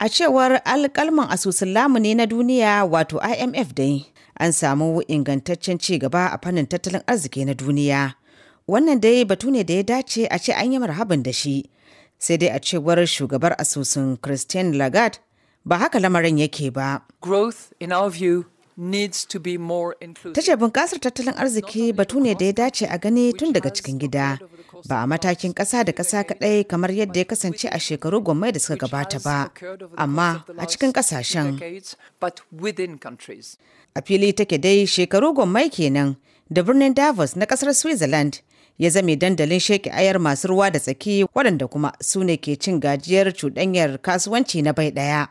A cewar alkalman asusun lamuni na duniya wato IMF dai, an samu ingantaccen ci gaba a fannin tattalin arziki na duniya. Wannan dai batu ne da ya dace a ce an yi marhaban da shi. Sai dai a cewar shugabar asusun Christian Lagarde, ba haka lamarin yake ba. Growth, in our view, Ta ce bunƙasar tattalin arziki batu ne da ya dace a gani tun daga cikin gida, ba a matakin ƙasa da ƙasa kaɗai kamar yadda ya kasance a shekaru gwamnati da suka gabata ba, amma a cikin ƙasashen. A fili take dai shekaru gwamnati kenan da birnin Davos na ƙasar Switzerland ya zame dandalin sheki ayar masu ruwa da tsaki waɗanda kuma su ne ke cin gajiyar cuɗanyar kasuwanci na bai ɗaya.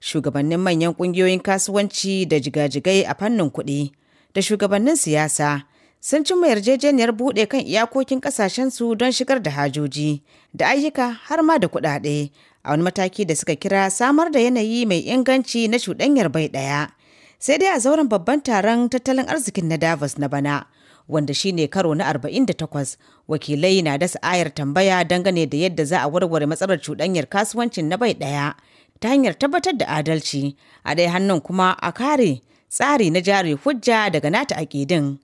shugabannin manyan ƙungiyoyin kasuwanci da jigajigai a fannin kuɗi da shugabannin siyasa sun cimma yarjejeniyar buɗe kan iyakokin ƙasashensu don shigar da hajoji da ayyuka har ma da kuɗaɗe a wani mataki da suka kira samar da yanayi mai inganci na shuɗanyar bai ɗaya sai dai a zauren babban taron tattalin arzikin na davos na bana wanda shine karo na 48 wakilai na dasa ayar tambaya dangane da yadda za a warware matsalar cuɗanyar kasuwancin na bai ɗaya ta hanyar tabbatar da adalci a dai hannun kuma a kare tsari na jari hujja daga nata akidin.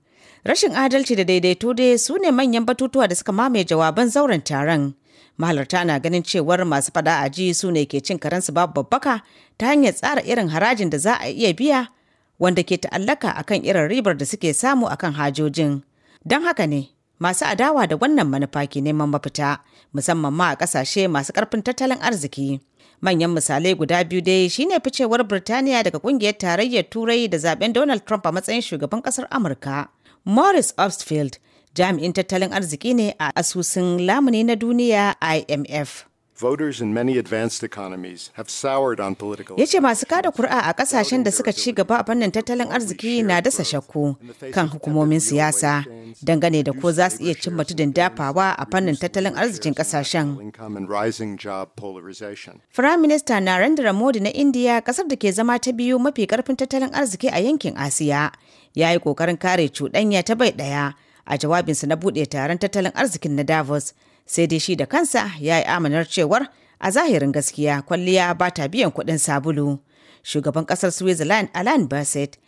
Rashin adalci da daidaito dai su ne manyan batutuwa da suka mamaye jawaban zauren taron. Mahalarta na ganin cewar masu fada a ji su ne ke cin karensu babu babbaka ta hanyar tsara irin harajin da za a iya biya wanda ke ta'allaka akan irin ribar da suke samu akan hajojin. Don haka ne masu adawa da wannan manufa ke neman mafita musamman ma a ƙasashe masu ƙarfin tattalin arziki. Manyan misalai guda biyu dai shine ficewar Birtaniya daga kungiyar tarayyar Turai da zaben Donald Trump a matsayin shugaban kasar Amurka. Morris obstfield jami'in tattalin arziki ne a asusun lamuni na duniya IMF. Ya ce masu kada kuri'a a kasashen da suka ci gaba a fannin tattalin arziki na dasa shakku kan hukumomin siyasa dangane da ko za su iya cimma tudun dafawa a fannin tattalin arzikin kasashen. Firayim Minista Narendra Modi na Indiya kasar da ke zama ta biyu mafi karfin tattalin arziki a yankin Asiya ya yi kokarin kare cuɗanya ta bai ɗaya a jawabinsa na buɗe taron tattalin arzikin na Davos. sai dai shi da kansa ya yi amanar cewar a zahirin gaskiya kwalliya ba ta biyan kuɗin sabulu shugaban ƙasar switzerland alan bassett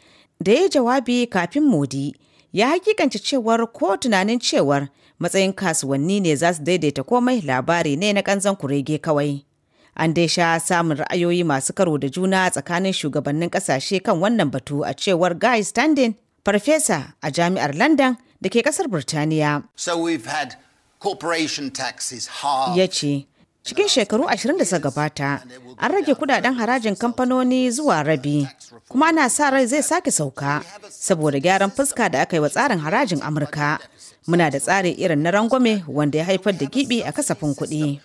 da ya jawabi kafin modi ya hakikanci cewar ko tunanin cewar matsayin kasuwanni ne za su daidaita komai labari ne na kanzan kurege kawai an dai sha samun ra'ayoyi masu karo da juna tsakanin shugabannin ƙasashe kan wannan batu a cewar guy standing farfesa a jami'ar london da ke kasar burtaniya so we've had ya ce cikin shekaru 20 da suka gabata an rage kudaden harajin kamfanoni zuwa rabi kuma ana sa rai zai sake sauka saboda gyaran fuska da aka yi wa tsarin harajin amurka muna da tsari irin na rangwame wanda ya haifar da gibi a kasafin kuɗi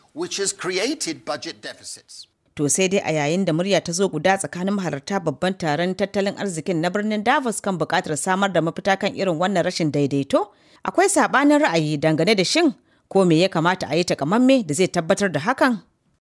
to sai dai a yayin da murya ta zo guda tsakanin mahalarta babban taron tattalin arzikin na birnin davos kan bukatar samar da mafita kan irin wannan rashin daidaito akwai saɓanin ra'ayi dangane da shin ko me ya kamata a yi takamamme da zai tabbatar da hakan